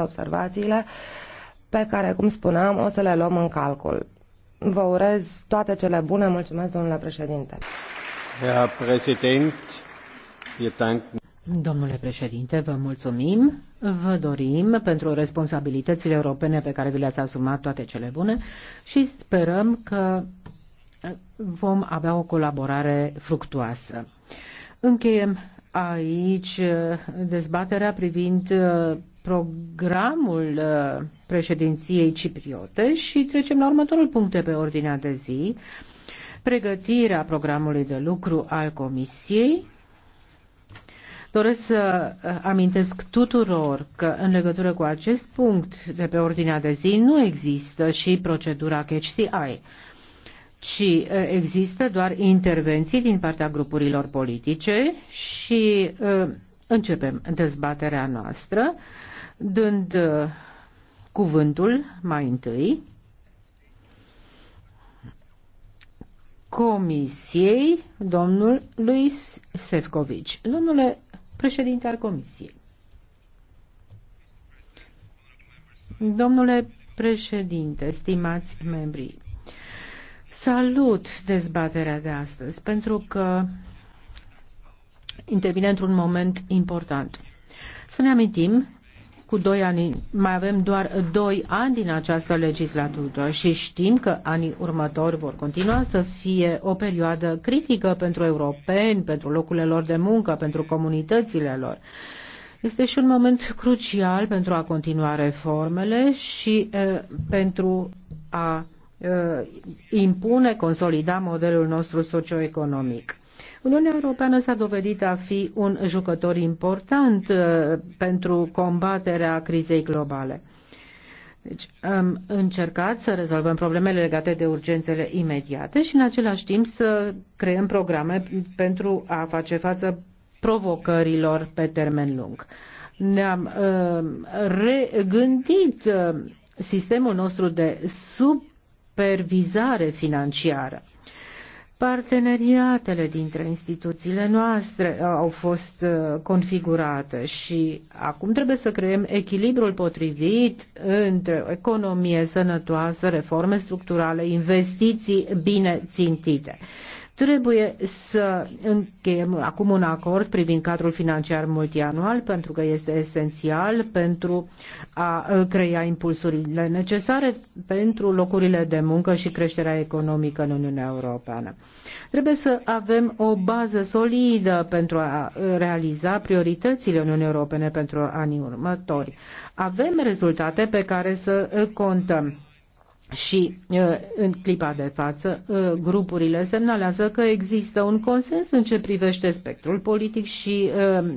observațiile pe care, cum spuneam, o să le luăm în calcul. Vă urez toate cele bune. Mulțumesc, domnule președinte. Domnule președinte, vă mulțumim. Vă dorim pentru responsabilitățile europene pe care vi le-ați asumat toate cele bune și sperăm că vom avea o colaborare fructuoasă. Încheiem aici dezbaterea privind programul uh, președinției cipriote și trecem la următorul punct de pe ordinea de zi, pregătirea programului de lucru al Comisiei. Doresc să uh, amintesc tuturor că în legătură cu acest punct de pe ordinea de zi nu există și procedura CHCI, ci uh, există doar intervenții din partea grupurilor politice și începem dezbaterea noastră dând uh, cuvântul mai întâi Comisiei domnul Luis Sefcovic, Domnule președinte al Comisiei. Domnule președinte, stimați membri, salut dezbaterea de astăzi pentru că intervine într-un moment important. Să ne amintim cu doi ani, mai avem doar doi ani din această legislatură și știm că anii următori vor continua să fie o perioadă critică pentru europeni, pentru locurile lor de muncă, pentru comunitățile lor. Este și un moment crucial pentru a continua reformele și uh, pentru a uh, impune, consolida modelul nostru socioeconomic. Uniunea Europeană s-a dovedit a fi un jucător important uh, pentru combaterea crizei globale. Deci am încercat să rezolvăm problemele legate de urgențele imediate și în același timp să creăm programe pentru a face față provocărilor pe termen lung. Ne-am uh, regândit uh, sistemul nostru de supervizare financiară. Parteneriatele dintre instituțiile noastre uh, au fost uh, configurate și acum trebuie să creăm echilibrul potrivit între economie sănătoasă, reforme structurale, investiții bine țintite. Trebuie să încheiem acum un acord privind cadrul financiar multianual pentru că este esențial pentru a crea impulsurile necesare pentru locurile de muncă și creșterea economică în Uniunea Europeană. Trebuie să avem o bază solidă pentru a realiza prioritățile Uniunii Europene pentru anii următori. Avem rezultate pe care să contăm. Și în clipa de față, grupurile semnalează că există un consens în ce privește spectrul politic și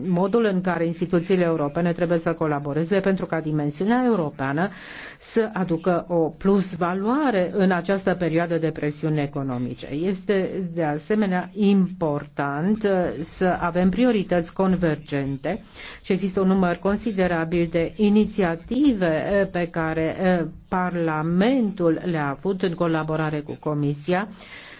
modul în care instituțiile europene trebuie să colaboreze pentru ca dimensiunea europeană să aducă o plus valoare în această perioadă de presiuni economice. Este de asemenea important să avem priorități convergente și există un număr considerabil de inițiative pe care Parlamentul Parlamentul le-a avut în colaborare cu Comisia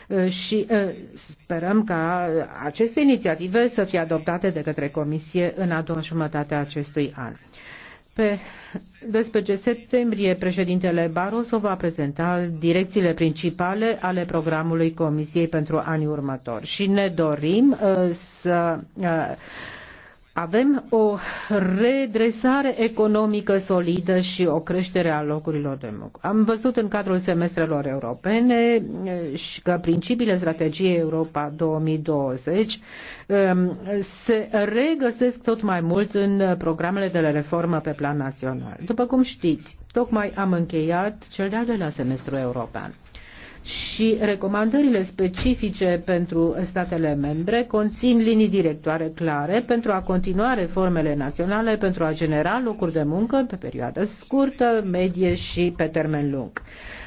uh, și uh, sperăm ca aceste inițiative să fie adoptate de către Comisie în a doua jumătate a acestui an. Pe 12 septembrie, președintele Barroso va prezenta direcțiile principale ale programului Comisiei pentru anii următori și ne dorim uh, să uh, avem o redresare economică solidă și o creștere a locurilor de muncă. Am văzut în cadrul semestrelor europene și că principiile strategiei Europa 2020 se regăsesc tot mai mult în programele de reformă pe plan național. După cum știți, tocmai am încheiat cel de-al doilea semestru european și recomandările specifice pentru statele membre conțin linii directoare clare pentru a continua reformele naționale, pentru a genera locuri de muncă pe perioadă scurtă, medie și pe termen lung.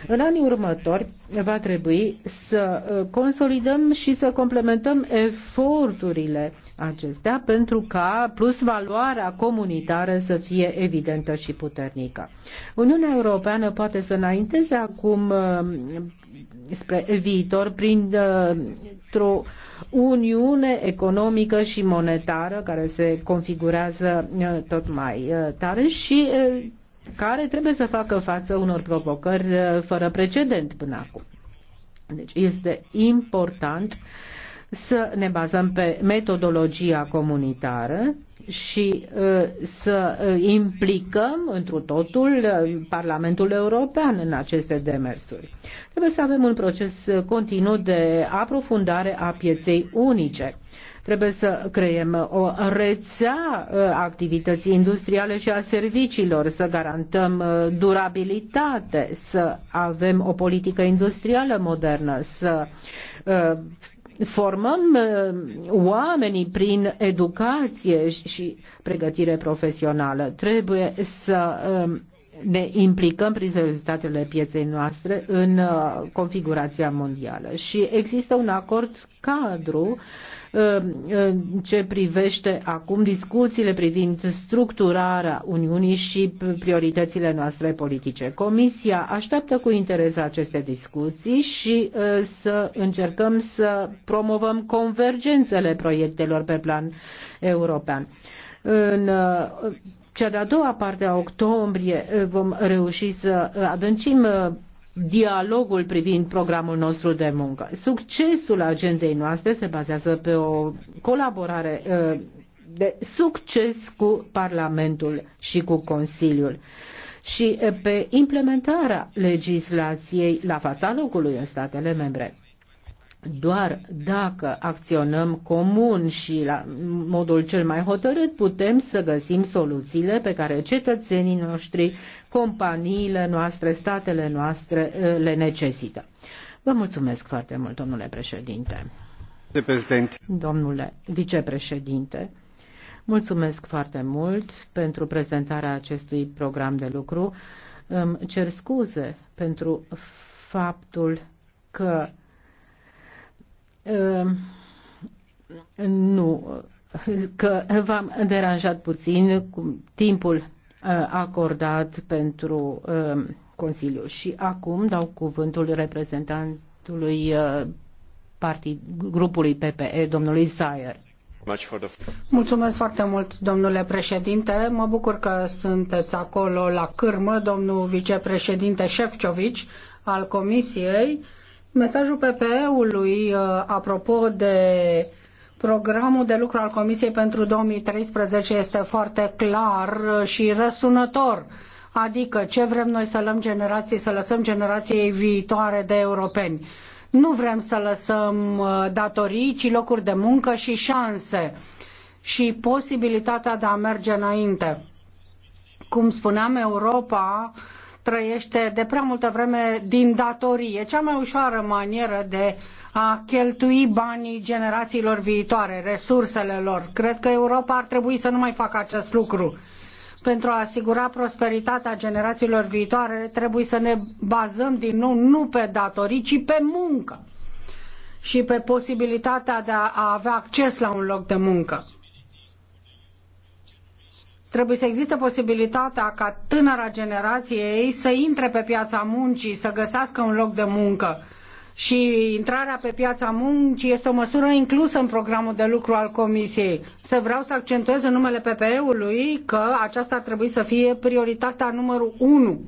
În anii următori va trebui să uh, consolidăm și să complementăm eforturile acestea pentru ca plus valoarea comunitară să fie evidentă și puternică. Uniunea Europeană poate să înainteze acum uh, spre viitor printr-o uh, uniune economică și monetară care se configurează uh, tot mai uh, tare și care trebuie să facă față unor provocări fără precedent până acum. Deci este important uh, să ne bazăm pe metodologia comunitară și uh, să uh, implicăm întru totul uh, Parlamentul European în aceste demersuri. Trebuie să avem un proces continuu de aprofundare a pieței unice trebuie să creăm o rețea activității industriale și a serviciilor, să garantăm durabilitate, să avem o politică industrială modernă, să formăm uh, oamenii prin educație și pregătire profesională. Trebuie să um, ne implicăm prin rezultatele pieței noastre în uh, configurația mondială. Și există un acord cadru în ce privește acum discuțiile privind structurarea Uniunii și prioritățile noastre politice. Comisia așteaptă cu interes aceste discuții și uh, să încercăm să promovăm convergențele proiectelor pe plan european. În uh, cea de-a doua parte a octombrie uh, vom reuși să adâncim dialogul privind programul nostru de muncă. Succesul agendei noastre se bazează pe o colaborare uh, de succes cu Parlamentul și cu Consiliul și uh, pe implementarea legislației la fața locului în statele membre. Doar dacă acționăm comun și la modul cel mai hotărât putem să găsim soluțiile pe care cetățenii noștri, companiile noastre, statele noastre uh, le necesită. Vă mulțumesc foarte mult, domnule președinte. Domnule vicepreședinte, mulțumesc foarte mult pentru prezentarea acestui program de lucru. Îmi cer scuze pentru faptul că Ehm, nu, că v-am deranjat puțin cu timpul eh, acordat pentru ehm, Consiliu. Și acum dau cuvântul reprezentantului eh, partid, grupului PPE, domnului Zayer. Mulțumesc foarte mult, domnule președinte. Mă bucur că sunteți acolo la cârmă, domnul vicepreședinte Șefcovici al Comisiei Mesajul PPE-ului uh, apropo de programul de lucru al Comisiei pentru 2013 este foarte clar și răsunător. Adică ce vrem noi să lăm generații, să lăsăm generației viitoare de europeni. Nu vrem să lăsăm uh, datorii, ci locuri de muncă și șanse și posibilitatea de a merge înainte. Cum spuneam, Europa trăiește de prea multă vreme din datorie. Cea mai ușoară manieră de a cheltui banii generațiilor viitoare, resursele lor. Cred că Europa ar trebui să nu mai facă acest lucru. Pentru a asigura prosperitatea generațiilor viitoare, trebuie să ne bazăm din nou nu pe datorii, ci pe muncă și pe posibilitatea de a avea acces la un loc de muncă. Trebuie să existe posibilitatea ca tânăra generație ei să intre pe piața muncii, să găsească un loc de muncă. Și intrarea pe piața muncii este o măsură inclusă în programul de lucru al Comisiei. Să vreau să accentuez în numele PPE-ului că aceasta ar trebui să fie prioritatea numărul unu.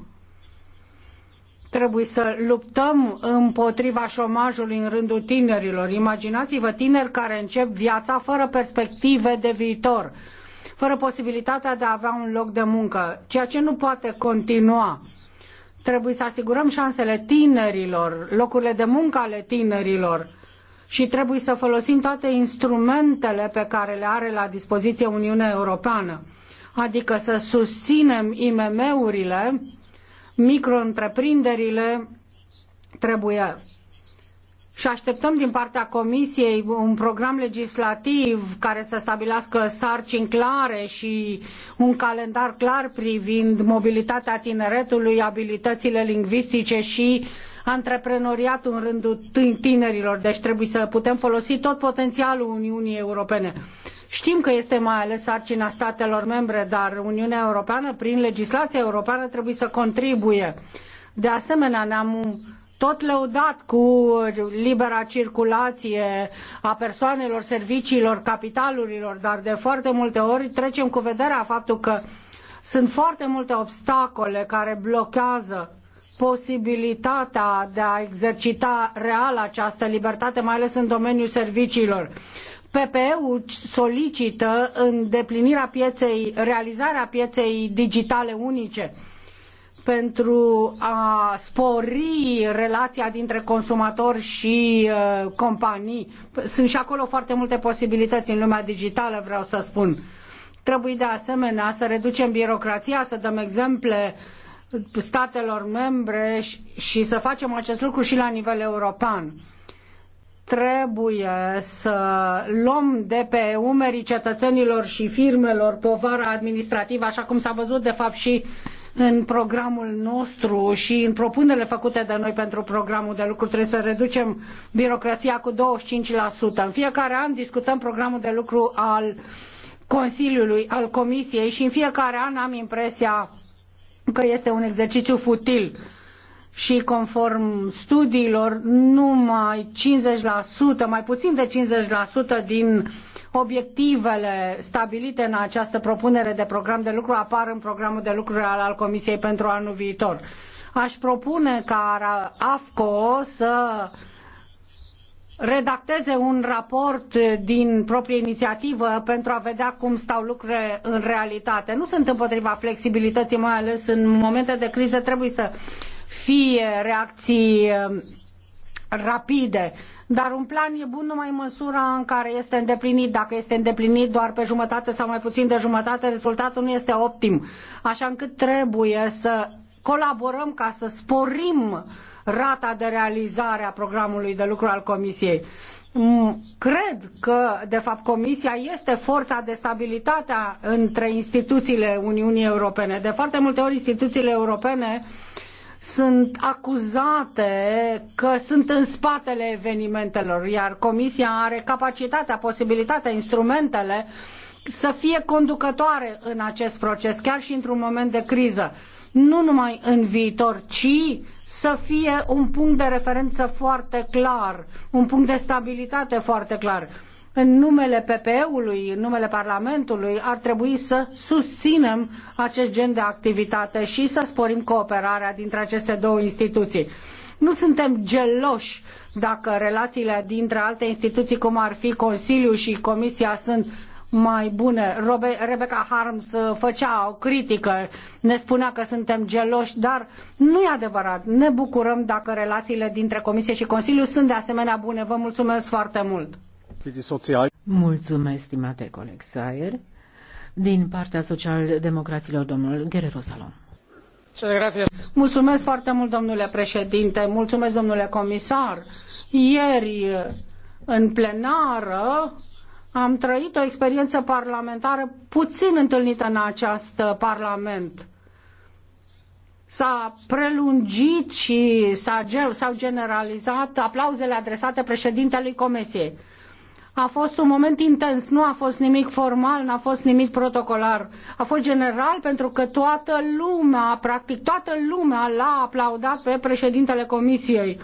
Trebuie să luptăm împotriva șomajului în rândul tinerilor. Imaginați-vă tineri care încep viața fără perspective de viitor fără posibilitatea de a avea un loc de muncă, ceea ce nu poate continua. Trebuie să asigurăm șansele tinerilor, locurile de muncă ale tinerilor și trebuie să folosim toate instrumentele pe care le are la dispoziție Uniunea Europeană, adică să susținem IMM-urile, micro-întreprinderile, trebuie și așteptăm din partea Comisiei un program legislativ care să stabilească sarcini clare și un calendar clar privind mobilitatea tineretului, abilitățile lingvistice și antreprenoriatul în rândul tinerilor. Deci trebuie să putem folosi tot potențialul Uniunii Europene. Știm că este mai ales sarcina statelor membre, dar Uniunea Europeană, prin legislația europeană, trebuie să contribuie. De asemenea, ne-am tot lăudat cu libera circulație a persoanelor, serviciilor, capitalurilor, dar de foarte multe ori trecem cu vederea faptul că sunt foarte multe obstacole care blochează posibilitatea de a exercita real această libertate, mai ales în domeniul serviciilor. PPE-ul solicită îndeplinirea pieței, realizarea pieței digitale unice pentru a spori relația dintre consumatori și uh, companii. Sunt și acolo foarte multe posibilități în lumea digitală, vreau să spun. Trebuie de asemenea să reducem birocrația, să dăm exemple statelor membre și, și să facem acest lucru și la nivel european trebuie să luăm de pe umerii cetățenilor și firmelor povara administrativă, așa cum s-a văzut de fapt și în programul nostru și în propunerile făcute de noi pentru programul de lucru trebuie să reducem birocrația cu 25%. În fiecare an discutăm programul de lucru al Consiliului, al Comisiei și în fiecare an am impresia că este un exercițiu futil și conform studiilor numai 50%, mai puțin de 50% din Obiectivele stabilite în această propunere de program de lucru apar în programul de lucru al Comisiei pentru anul viitor. Aș propune ca AFCO să redacteze un raport din proprie inițiativă pentru a vedea cum stau lucrurile în realitate. Nu sunt împotriva flexibilității, mai ales în momente de criză trebuie să fie reacții rapide, dar un plan e bun numai în măsura în care este îndeplinit. Dacă este îndeplinit doar pe jumătate sau mai puțin de jumătate, rezultatul nu este optim. Așa încât trebuie să colaborăm ca să sporim rata de realizare a programului de lucru al Comisiei. Mm, cred că, de fapt, Comisia este forța de stabilitate între instituțiile Uniunii Europene. De foarte multe ori, instituțiile europene uh, sunt acuzate că sunt în spatele evenimentelor, iar Comisia are capacitatea, posibilitatea, instrumentele să fie conducătoare în acest proces, chiar și într-un moment de criză. Nu numai în viitor, ci să fie un punct de referență foarte clar, un punct de stabilitate foarte clar în numele PPE-ului, în numele Parlamentului, ar trebui să susținem acest gen de activitate și să sporim cooperarea dintre aceste două instituții. Nu suntem geloși dacă relațiile dintre alte instituții, cum ar fi Consiliul și Comisia, sunt mai bune. Rebecca Harms făcea o critică, ne spunea că suntem geloși, dar nu e adevărat. Ne bucurăm dacă relațiile dintre Comisie și Consiliu sunt de asemenea bune. Vă mulțumesc foarte mult! Mulțumesc, stimate coleg Sayer. Din partea social-democraților, domnul Guerrero Salom. Mulțumesc foarte mult, domnule președinte, mulțumesc, domnule comisar. Ieri, în plenară, am trăit o experiență parlamentară puțin întâlnită în acest parlament. S-a prelungit și s-au generalizat aplauzele adresate președintelui Comisiei. A fost un moment intens, nu a fost nimic formal, n-a fost nimic protocolar. A fost general pentru că toată lumea, practic toată lumea l-a aplaudat pe președintele comisiei.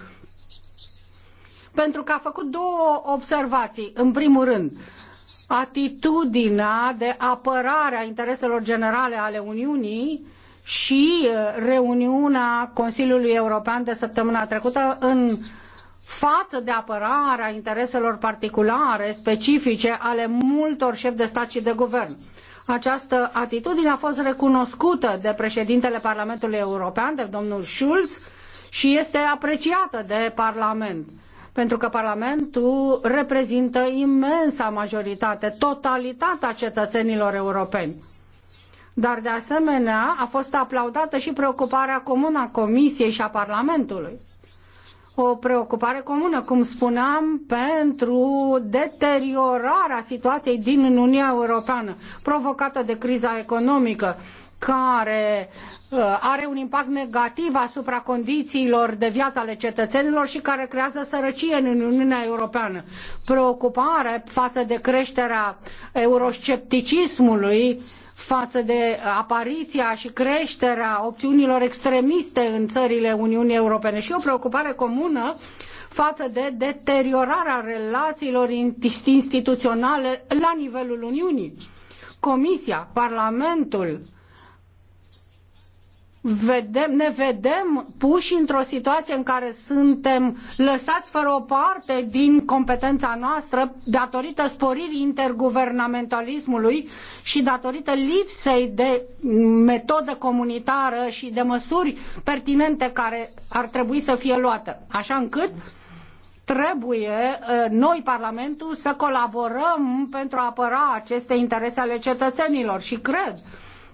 Pentru că a făcut două observații. În primul rând, atitudinea de apărare a intereselor generale ale Uniunii și uh, reuniunea Consiliului European de săptămâna trecută în față de apărarea intereselor particulare, specifice ale multor șefi de stat și de guvern. Această atitudine a fost recunoscută de președintele Parlamentului European, de domnul Schulz, și este apreciată de Parlament pentru că Parlamentul reprezintă imensa majoritate, totalitatea cetățenilor europeni. Dar, de asemenea, a fost aplaudată și preocuparea comună a Comisiei și a Parlamentului o preocupare comună, cum spuneam, pentru deteriorarea situației din Uniunea Europeană, provocată de criza economică, care uh, are un impact negativ asupra condițiilor de viață ale cetățenilor și care creează sărăcie în Uniunea Europeană. Preocupare față de creșterea euroscepticismului, față de apariția și creșterea opțiunilor extremiste în țările Uniunii Europene și o preocupare comună față de deteriorarea relațiilor instituționale la nivelul Uniunii. Comisia, Parlamentul, vedem, ne vedem puși într-o situație în care suntem lăsați fără o parte din competența noastră datorită sporirii interguvernamentalismului și datorită lipsei de metodă comunitară și de măsuri pertinente care ar trebui să fie luate. Așa încât trebuie uh, noi, Parlamentul, să colaborăm pentru a apăra aceste interese ale cetățenilor și cred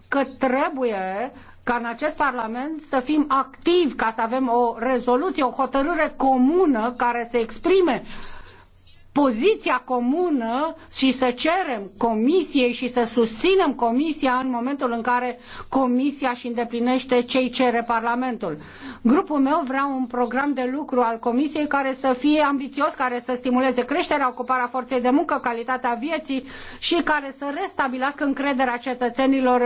că trebuie ca în acest Parlament să fim activi, ca să avem o rezoluție, o hotărâre comună care să exprime poziția comună și să cerem comisiei și să susținem comisia în momentul în care comisia și îndeplinește ce îi cere Parlamentul. Grupul meu vrea un program de lucru al comisiei care să fie ambițios, care să stimuleze creșterea, ocuparea forței de muncă, calitatea vieții și care să restabilească încrederea cetățenilor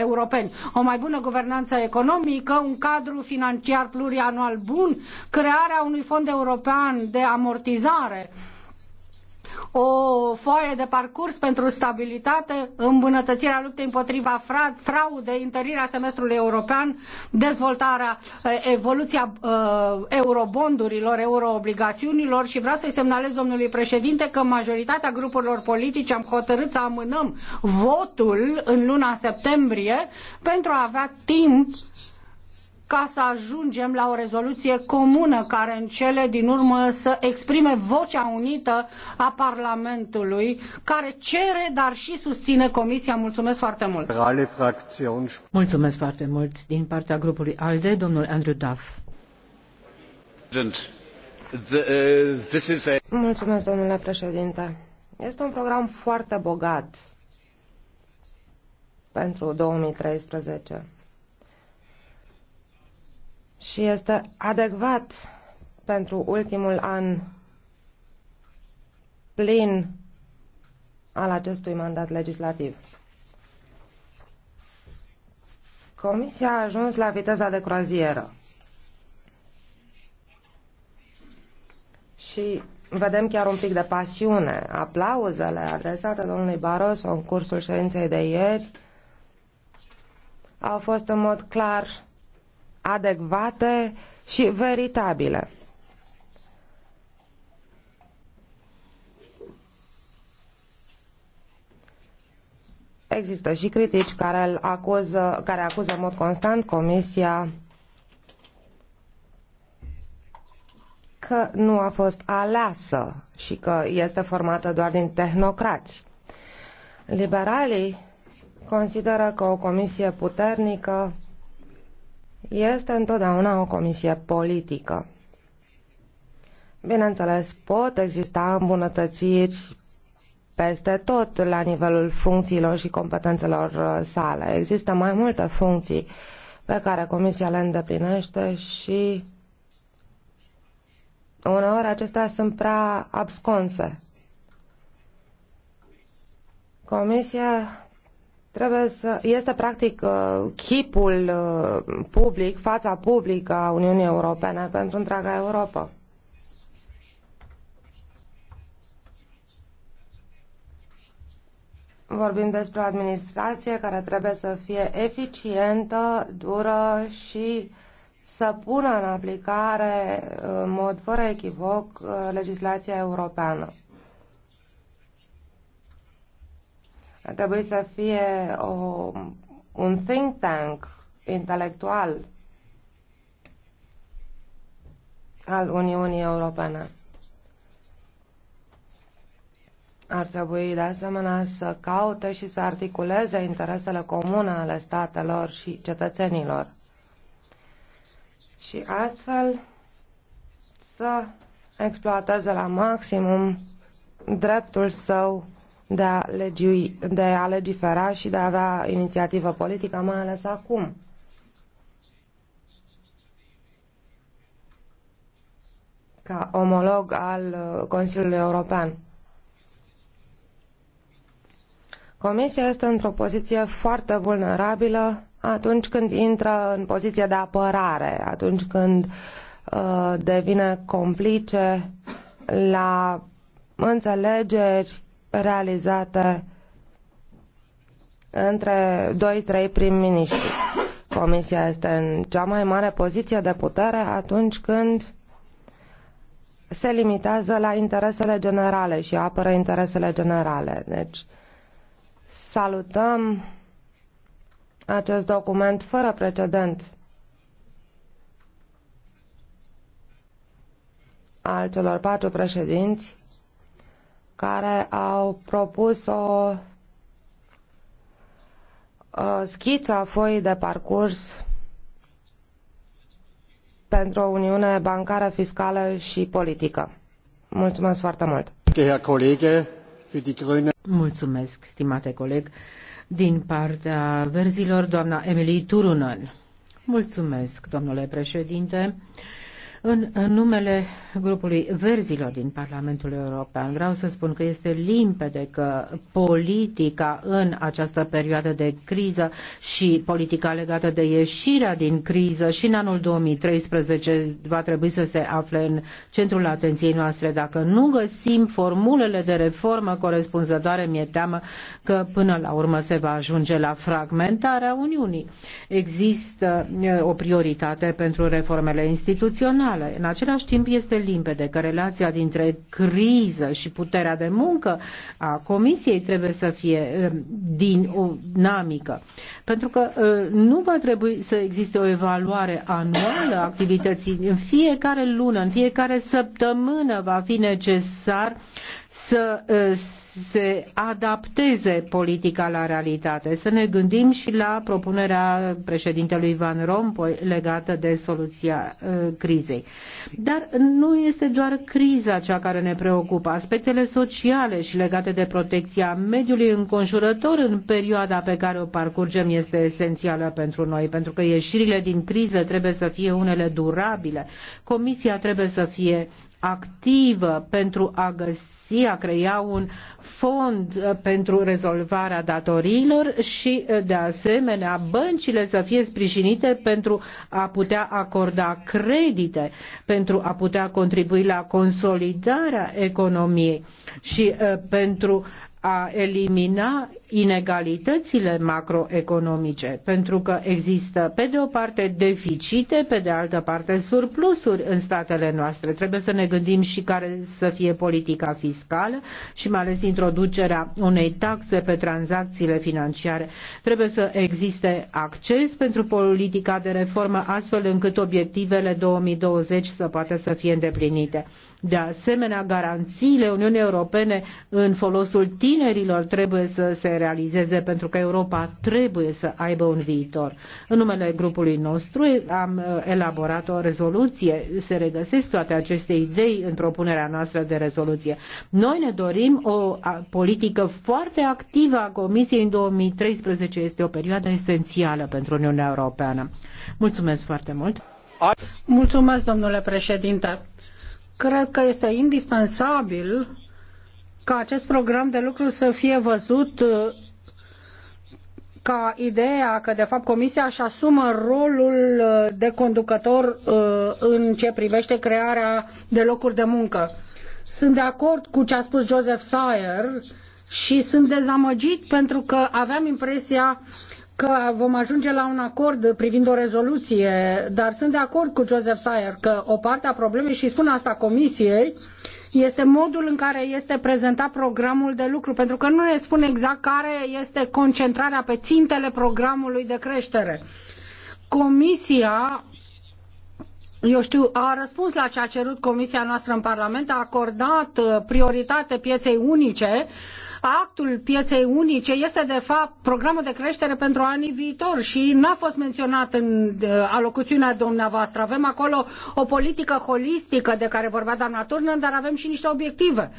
europeni. O mai bună guvernanță economică, un cadru financiar plurianual bun, crearea unui fond european de amortizare, o foaie de parcurs pentru stabilitate, îmbunătățirea luptei împotriva fraudei, întărirea semestrului european, dezvoltarea, eh, evoluția uh, eurobondurilor, euroobligațiunilor și vreau să-i semnalez domnului președinte că majoritatea grupurilor politice am hotărât să amânăm votul în luna septembrie pentru a avea timp ca să ajungem la o rezoluție comună care în cele din urmă să exprime vocea unită a Parlamentului care cere, dar și susține Comisia. Mulțumesc foarte mult! Mulțumesc foarte mult din partea grupului ALDE, domnul Andrew Duff. Uh, Mulțumesc, domnule președinte. Este un program foarte bogat pentru 2013 și este adecvat pentru ultimul an plin al acestui mandat legislativ. Comisia a ajuns la viteza de croazieră. Și vedem chiar un pic de pasiune. Aplauzele adresate domnului Barroso în cursul ședinței de ieri au fost în mod clar adecvate și veritabile. Există și critici care, îl acuză, care acuză în mod constant Comisia că nu a fost aleasă și că este formată doar din tehnocrați. Liberalii consideră că o comisie puternică este întotdeauna o comisie politică. Bineînțeles, pot exista îmbunătățiri peste tot la nivelul funcțiilor și competențelor uh, sale. Există mai multe funcții pe care Comisia le îndeplinește și uneori acestea sunt prea absconse. Comisia trebuie să este practic uh, chipul uh, public, fața publică a Uniunii Europene pentru întreaga Europa. Vorbim despre o administrație care trebuie să fie eficientă, dură și să pună în aplicare, în mod fără echivoc, uh, legislația europeană. Ar trebui să fie o, un think tank intelectual al Uniunii Europene. Ar trebui de asemenea să caute și să articuleze interesele comune ale statelor și cetățenilor. Și astfel să exploateze la maximum dreptul său de a, legiui, de a legifera și de a avea inițiativă politică, mai ales acum. ca omolog al uh, Consiliului European. Comisia este într-o poziție foarte vulnerabilă atunci când intră în poziție de apărare, atunci când uh, devine complice la înțelegeri realizată între doi trei prim-miniștri. Comisia este în cea mai mare poziție de putere atunci când se limitează la interesele generale și apără interesele generale. Deci salutăm acest document fără precedent al celor patru președinți care au propus o schiță a foii de parcurs pentru o uniune bancară, fiscală și politică. Mulțumesc foarte mult! Mulțumesc, stimate coleg, din partea verzilor, doamna Emily Turunen. Mulțumesc, domnule președinte. În numele grupului verzilor din Parlamentul European vreau să spun că este limpede că politica în această perioadă de criză și politica legată de ieșirea din criză și în anul 2013 va trebui să se afle în centrul atenției noastre. Dacă nu găsim formulele de reformă corespunzătoare, mi-e teamă că până la urmă se va ajunge la fragmentarea Uniunii. Există o prioritate pentru reformele instituționale socială. În același timp este limpede că relația dintre criză și puterea de muncă a Comisiei trebuie să fie um, dinamică. Pentru că uh, nu va trebui să existe o evaluare anuală a activității. În fiecare lună, în fiecare săptămână va fi necesar să se adapteze politica la realitate. Să ne gândim și la propunerea președintelui Van Rompuy legată de soluția crizei. Dar nu este doar criza cea care ne preocupă. Aspectele sociale și legate de protecția mediului înconjurător în perioada pe care o parcurgem este esențială pentru noi, pentru că ieșirile din criză trebuie să fie unele durabile. Comisia trebuie să fie activă pentru a găsi, a crea un fond uh, pentru rezolvarea datoriilor și, uh, de asemenea, băncile să fie sprijinite pentru a putea acorda credite, pentru a putea contribui la consolidarea economiei și uh, pentru a elimina inegalitățile macroeconomice, pentru că există, pe de o parte, deficite, pe de altă parte, surplusuri în statele noastre. Trebuie să ne gândim și care să fie politica fiscală și mai ales introducerea unei taxe pe tranzacțiile financiare. Trebuie să existe acces pentru politica de reformă, astfel încât obiectivele 2020 să poată să fie îndeplinite. De asemenea, garanțiile Uniunii Europene în folosul tinerilor trebuie să se realizeze, pentru că Europa trebuie să aibă un viitor. În numele grupului nostru am uh, elaborat o rezoluție. Se regăsesc toate aceste idei în propunerea noastră de rezoluție. Noi ne dorim o politică foarte activă a Comisiei în 2013. Este o perioadă esențială pentru Uniunea Europeană. Mulțumesc foarte mult! Mulțumesc, domnule președinte! Cred că este indispensabil ca acest program de lucru să fie văzut uh, ca ideea că, de fapt, Comisia își asumă rolul uh, de conducător uh, în ce privește crearea de locuri de muncă. Sunt de acord cu ce a spus Joseph Sayer și sunt dezamăgit pentru că aveam impresia că vom ajunge la un acord privind o rezoluție, dar sunt de acord cu Joseph Sayer că o parte a problemei, și spun asta Comisiei, este modul în care este prezentat programul de lucru, pentru că nu ne spune exact care este concentrarea pe țintele programului de creștere. Comisia eu știu, a răspuns la ce a cerut Comisia noastră în Parlament, a acordat prioritate pieței unice, actul pieței unice este de fapt programul de creștere pentru anii viitori și n-a fost menționat în alocuțiunea dumneavoastră. Avem acolo o politică holistică de care vorbea doamna Turnă, dar avem și niște obiective.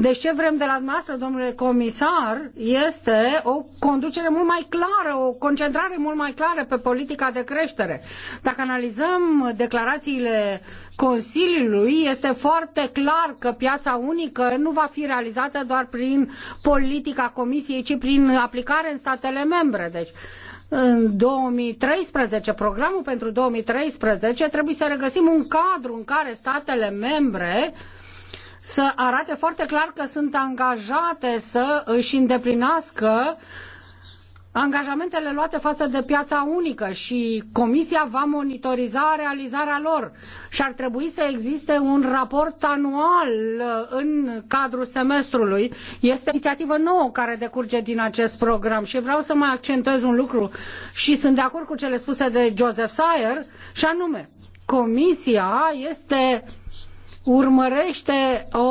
Deci ce vrem de la dumneavoastră, domnule comisar, este o conducere mult mai clară, o concentrare mult mai clară pe politica de creștere. Dacă analizăm declarațiile Consiliului, este foarte clar că piața unică nu va fi realizată doar prin politica Comisiei, ci prin aplicare în statele membre. Deci, în 2013, programul pentru 2013, trebuie să regăsim un cadru în care statele membre uh, să arate foarte clar că sunt angajate să își îndeplinească angajamentele luate față de piața unică și Comisia va monitoriza realizarea lor și ar trebui să existe un raport anual uh, în cadrul semestrului. Este o inițiativă nouă care decurge din acest program și vreau să mai accentuez un lucru și sunt de acord cu cele spuse de Joseph Sayer și anume Comisia este urmărește o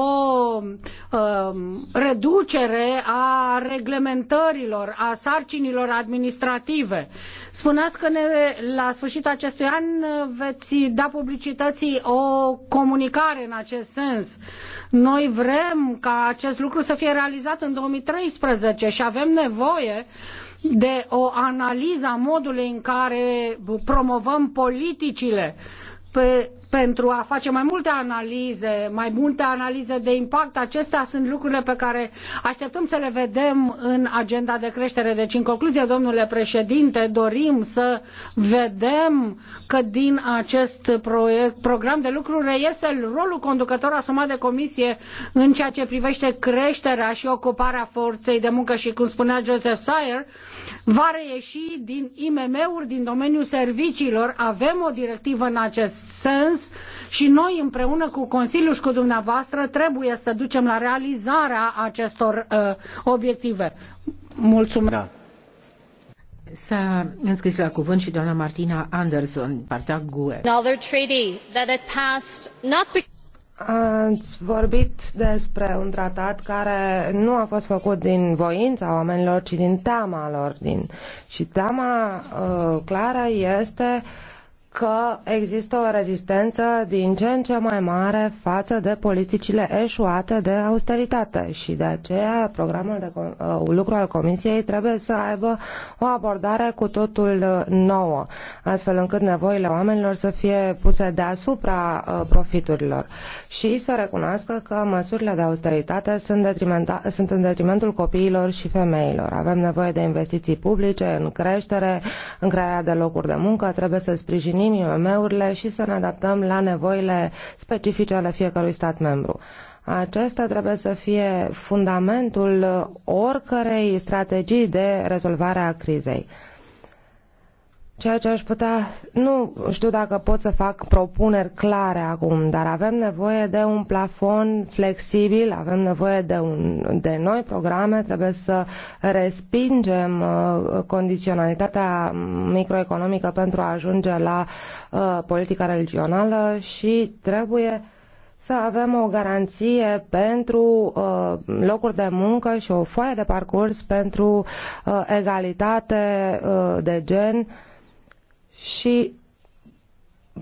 um, reducere a reglementărilor, a sarcinilor administrative. Spuneați că ne, la sfârșitul acestui an veți da publicității o comunicare în acest sens. Noi vrem ca acest lucru să fie realizat în 2013 și avem nevoie de o analiză a modului în care promovăm politicile pe, pentru a face mai multe analize, mai multe analize de impact. Acestea sunt lucrurile pe care așteptăm să le vedem în agenda de creștere. Deci, în concluzie, domnule președinte, dorim să vedem că din acest proiect, program de lucru reiese rolul conducător asumat de comisie în ceea ce privește creșterea și ocuparea forței de muncă și, cum spunea Joseph Sayer, va reieși din IMM-uri, din domeniul serviciilor. Avem o directivă în acest sens și noi împreună cu Consiliul și cu dumneavoastră trebuie să ducem la realizarea acestor uh, obiective. Mulțumesc! Da. S-a înscris la cuvânt și doamna Martina Anderson, partea GUE. Another treaty that passed. Ați vorbit despre un tratat care nu a fost făcut din voința oamenilor, ci din teama lor. Din... Și teama uh, clară este uh, că există o rezistență din ce în ce mai mare față de politicile eșuate de austeritate și de aceea programul de uh, lucru al Comisiei trebuie să aibă o abordare cu totul uh, nouă, astfel încât nevoile oamenilor să fie puse deasupra uh, profiturilor și să recunoască că măsurile de austeritate sunt, sunt în detrimentul copiilor și femeilor. Avem nevoie de investiții publice în creștere, în crearea de locuri de muncă, trebuie să sprijinim sprijinim IMM-urile și să ne adaptăm la nevoile specifice ale fiecărui stat membru. Acesta trebuie să fie fundamentul oricărei strategii de rezolvare a crizei. Ceea ce aș putea, nu știu dacă pot să fac propuneri clare acum, dar avem nevoie de un plafon flexibil, avem nevoie de, un, de noi programe, trebuie să respingem uh, condiționalitatea microeconomică pentru a ajunge la uh, politica regională și trebuie să avem o garanție pentru uh, locuri de muncă și o foaie de parcurs pentru uh, egalitate uh, de gen și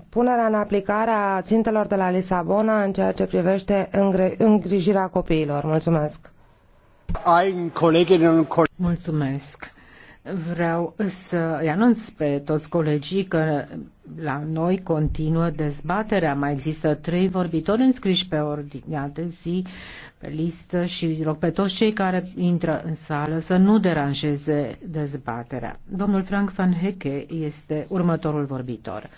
punerea în aplicare a țintelor de la Lisabona în ceea ce privește îngrijirea copiilor. Mulțumesc! Mulțumesc! Vreau să îi anunț pe toți colegii că la noi continuă dezbaterea. Mai există trei vorbitori înscriși pe ordinea de zi pe listă și rog pe toți cei care intră în sală să nu deranjeze dezbaterea. Domnul Frank van Hecke este următorul vorbitor.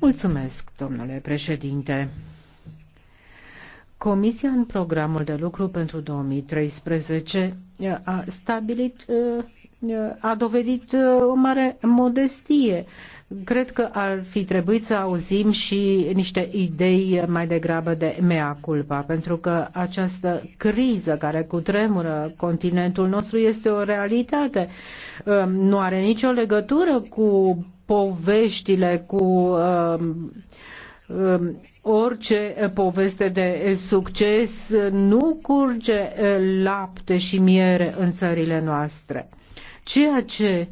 Mulțumesc, domnule președinte. Comisia în programul de lucru pentru 2013 uh, a stabilit, uh, uh, a dovedit o mare modestie Cred că ar fi trebuit să auzim și niște idei mai degrabă de mea culpa, pentru că această criză care cutremură continentul nostru este o realitate. Um, nu are nicio legătură cu poveștile, cu um, um, orice poveste de succes nu curge uh, lapte și miere în țările noastre. Ceea ce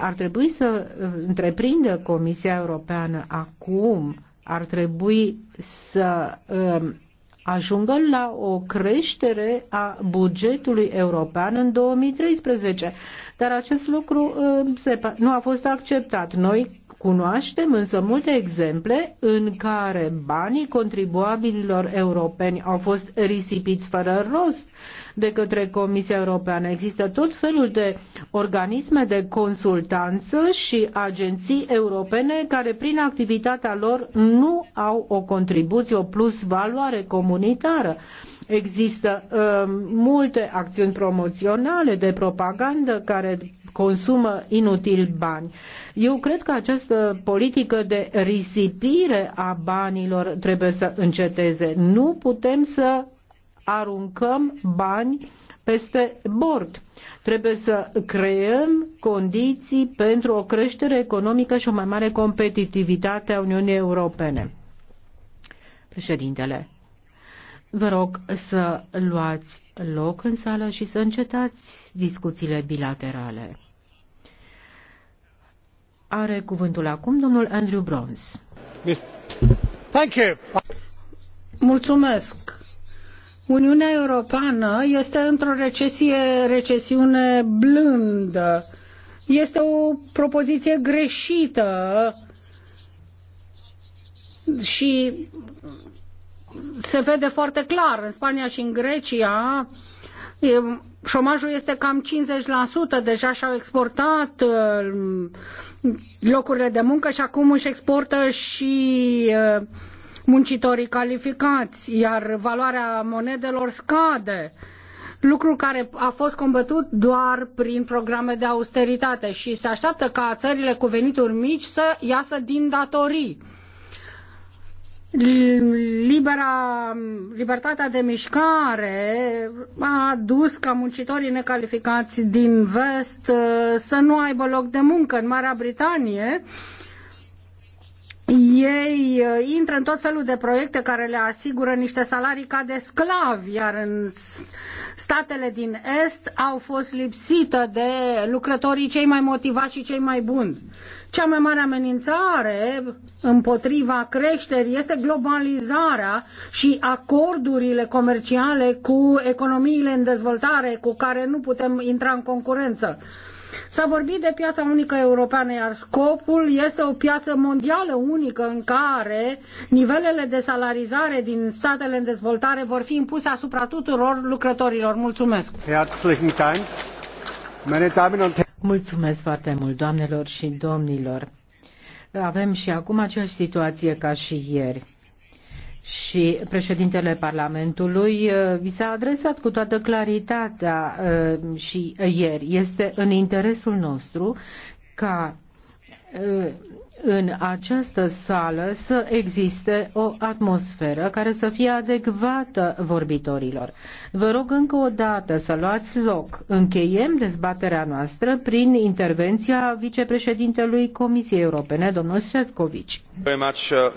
ar trebui să uh, întreprindă Comisia Europeană acum, ar trebui să um, ajungă la o creștere a bugetului european în 2013. Dar acest lucru um, nu a fost acceptat. Noi Cunoaștem însă multe exemple în care banii contribuabililor europeni au fost risipiți fără rost de către Comisia Europeană. Există tot felul de organisme de consultanță și agenții europene care prin activitatea lor nu au o contribuție, o plus valoare comunitară. Există uh, multe acțiuni promoționale de propagandă care consumă inutil bani. Eu cred că această politică de risipire a banilor trebuie să înceteze. Nu putem să aruncăm bani peste bord. Trebuie să creăm condiții pentru o creștere economică și o mai mare competitivitate a Uniunii Europene. Președintele, vă rog să luați loc în sală și să încetați discuțiile bilaterale. Are cuvântul acum domnul Andrew Brons. Thank you. Mulțumesc. Uniunea Europeană este într-o recesie, recesiune blândă. Este o propoziție greșită și se vede foarte clar în Spania și în Grecia șomajul este cam 50%, deja și-au exportat uh, locurile de muncă și acum își exportă și uh, muncitorii calificați, iar valoarea monedelor scade lucru care a fost combătut doar prin programe de austeritate și se așteaptă ca țările cu venituri mici să iasă din datorii libera, libertatea de mișcare a dus ca muncitorii necalificați din vest uh, să nu aibă loc de muncă. În Marea Britanie uh, ei uh, intră în tot felul de proiecte care le asigură niște salarii ca de sclavi, iar în statele din Est au fost lipsită de lucrătorii cei mai motivați și cei mai buni. Cea mai mare amenințare împotriva creșterii este globalizarea și acordurile comerciale cu economiile în dezvoltare cu care nu putem intra în concurență. S-a vorbit de piața unică europeană, iar scopul este o piață mondială unică în care nivelele de salarizare din statele în dezvoltare vor fi impuse asupra tuturor lucrătorilor. Mulțumesc! Mulțumesc foarte mult, doamnelor și domnilor! Avem și acum aceeași situație ca și ieri și președintele Parlamentului uh, vi s-a adresat cu toată claritatea uh, și ieri. Este în interesul nostru ca în această sală să existe o atmosferă care să fie adecvată vorbitorilor. Vă rog încă o dată să luați loc. Încheiem dezbaterea noastră prin intervenția vicepreședintelui Comisiei Europene, domnul Sefcovici. Uh,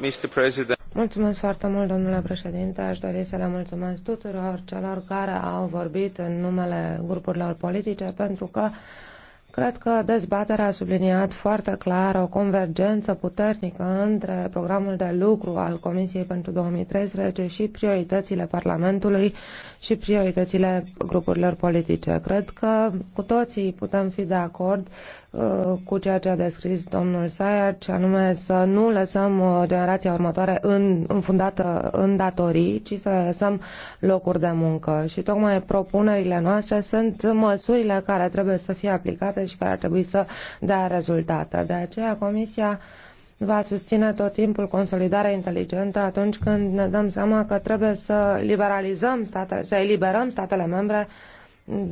mulțumesc foarte mult, domnule președinte. Aș dori să le mulțumesc tuturor celor care au vorbit în numele grupurilor politice pentru că Cred că dezbaterea a subliniat foarte clar o convergență puternică între programul de lucru al Comisiei pentru 2013 și prioritățile Parlamentului și prioritățile grupurilor politice. Cred că cu toții putem fi de acord Uh, cu ceea ce a descris domnul Sayer, ce anume să nu lăsăm uh, generația următoare în, înfundată în datorii, ci să le lăsăm locuri de muncă. Și tocmai propunerile noastre sunt măsurile care trebuie să fie aplicate și care ar trebui să dea rezultate. De aceea Comisia va susține tot timpul consolidarea inteligentă atunci când ne dăm seama că trebuie să liberalizăm statele, să eliberăm statele membre uh,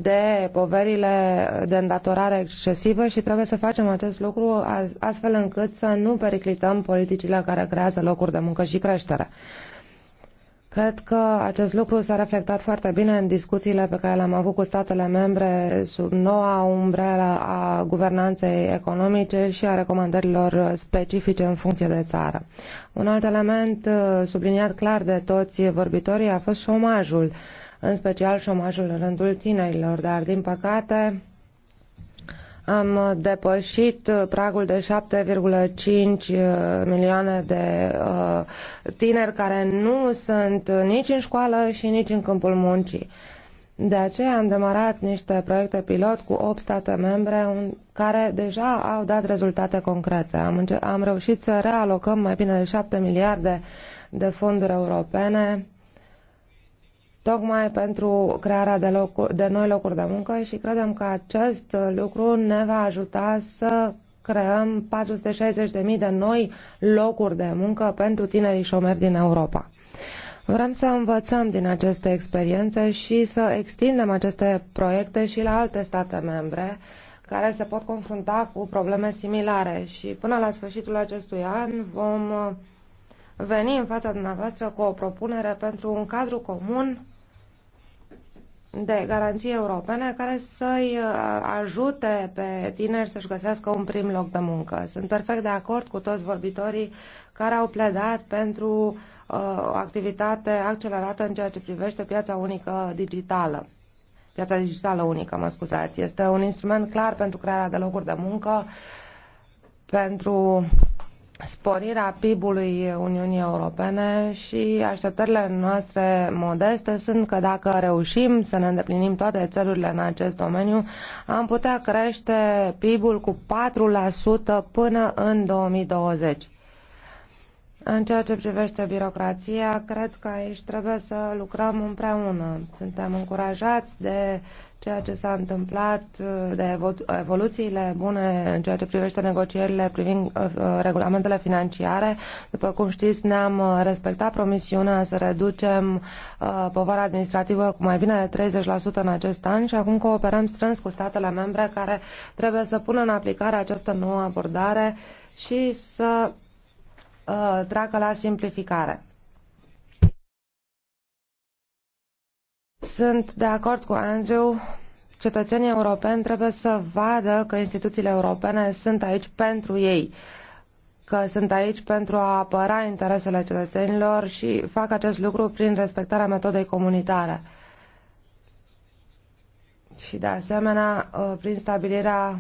de poverile de îndatorare excesivă și trebuie să facem acest lucru astfel încât să nu periclităm politicile care creează locuri de muncă și creștere. Cred că acest lucru s-a reflectat foarte bine în discuțiile pe care le-am avut cu statele membre sub noua umbrelă a guvernanței economice și a recomandărilor specifice în funcție de țară. Un alt element uh, subliniat clar de toți vorbitorii a fost șomajul în special șomajul în rândul tinerilor, dar din păcate am depășit pragul de 7,5 uh, milioane de uh, tineri care nu sunt nici în școală și nici în câmpul muncii. De aceea am demarat niște proiecte pilot cu 8 state membre care deja au dat rezultate concrete. Am, am reușit să realocăm mai bine de 7 miliarde de fonduri europene tocmai pentru crearea de, locu- de noi locuri de muncă și credem că acest lucru ne va ajuta să creăm 460.000 de noi locuri de muncă pentru tinerii șomeri din Europa. Vrem să învățăm din aceste experiențe și să extindem aceste proiecte și la alte state membre care se pot confrunta cu probleme similare și până la sfârșitul acestui an vom veni în fața dumneavoastră cu o propunere pentru un cadru comun de garanții europene care să-i uh, ajute pe tineri să-și găsească un prim loc de muncă. Sunt perfect de acord cu toți vorbitorii care au pledat pentru uh, o activitate accelerată în ceea ce privește piața unică digitală. Piața digitală unică, mă scuzați. Este un instrument clar pentru crearea de locuri de muncă, pentru sporirea PIB-ului Uniunii Europene și așteptările noastre modeste sunt că dacă reușim să ne îndeplinim toate țelurile în acest domeniu, am putea crește PIB-ul cu 4% până în 2020. În ceea ce privește birocrația, cred că aici trebuie să lucrăm împreună. Suntem încurajați de ceea ce s-a întâmplat, uh, de evoluțiile bune în ceea ce privește negocierile privind uh, uh, regulamentele financiare. După cum știți, ne-am respectat promisiunea să reducem povara administrativă cu mai bine de 30% în acest an și acum cooperăm strâns cu statele membre care trebuie să pună în aplicare această nouă abordare și să treacă la simplificare. Sunt de acord cu Andrew. Cetățenii europeni trebuie să vadă că instituțiile europene sunt aici pentru ei, că sunt aici pentru a apăra interesele cetățenilor și fac acest lucru prin respectarea metodei comunitare. Și de asemenea, uh, prin stabilirea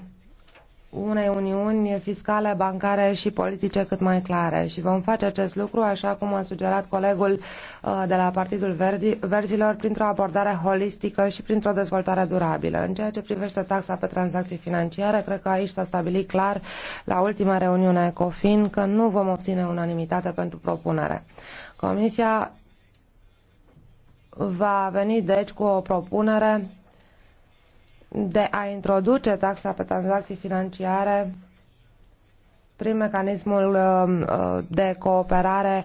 unei uniuni fiscale, bancare și politice cât mai clare. Și vom face acest lucru, așa cum a sugerat colegul uh, de la Partidul Verdi, Verzilor, printr-o abordare holistică și printr-o dezvoltare durabilă. În ceea ce privește taxa pe tranzacții financiare, cred că aici s-a stabilit clar la ultima reuniune ECOFIN că nu vom obține unanimitate pentru propunere. Comisia va veni deci cu o propunere de a introduce taxa pe tranzacții financiare prin mecanismul uh, uh, de cooperare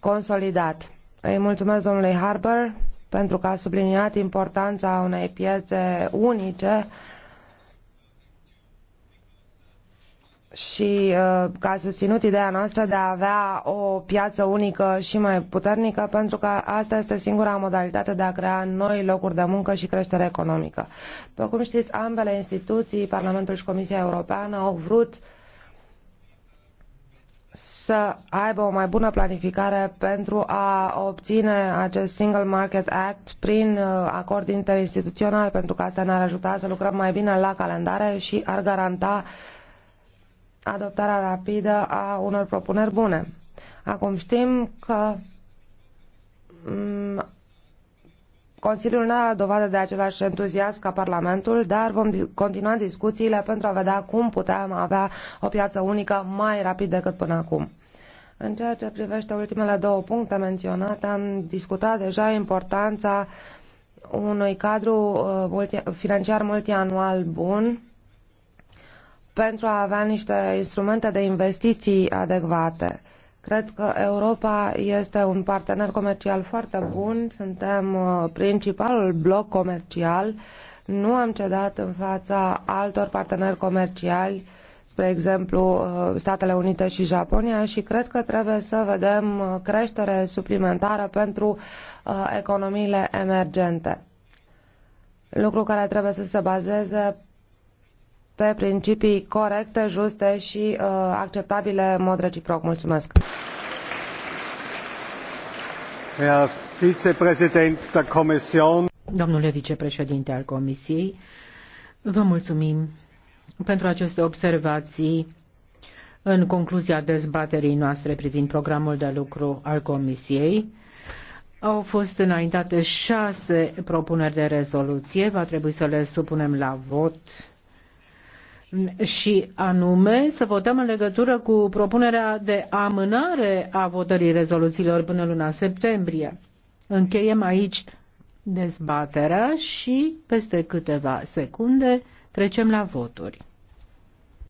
consolidat. Îi mulțumesc domnului Harper pentru că a subliniat importanța unei piețe unice și uh, că a susținut ideea noastră de a avea o piață unică și mai puternică, pentru că asta este singura modalitate de a crea noi locuri de muncă și creștere economică. După cum știți, ambele instituții, Parlamentul și Comisia Europeană, au vrut să aibă o mai bună planificare pentru a obține acest Single Market Act prin uh, acord interinstituțional, pentru că asta ne-ar ajuta să lucrăm mai bine la calendare și ar garanta uh, adoptarea rapidă a unor propuneri bune. Acum știm că mm, Consiliul nu a dovadă de același entuziasm ca Parlamentul, dar vom continua discuțiile pentru a vedea cum putem avea o piață unică mai rapid decât până acum. În ceea ce privește ultimele două puncte menționate, am discutat deja importanța unui cadru uh, financiar multianual bun pentru a avea niște instrumente de investiții adecvate. Cred că Europa este un partener comercial foarte bun, suntem uh, principalul bloc comercial, nu am cedat în fața altor parteneri comerciali, spre exemplu uh, Statele Unite și Japonia și cred că trebuie să vedem uh, creștere suplimentară pentru economiile emergente lucru care trebuie să se bazeze pe principii corecte, juste și uh, acceptabile în mod reciproc. Mulțumesc! Domnule vicepreședinte al Comisiei, vă mulțumim pentru aceste observații în concluzia dezbaterii noastre privind programul de lucru al Comisiei. Au fost înaintate șase propuneri de rezoluție, va trebui să le supunem la vot și anume să votăm în legătură cu propunerea de amânare a votării rezoluțiilor până luna septembrie. Încheiem aici dezbaterea și peste câteva secunde trecem la voturi.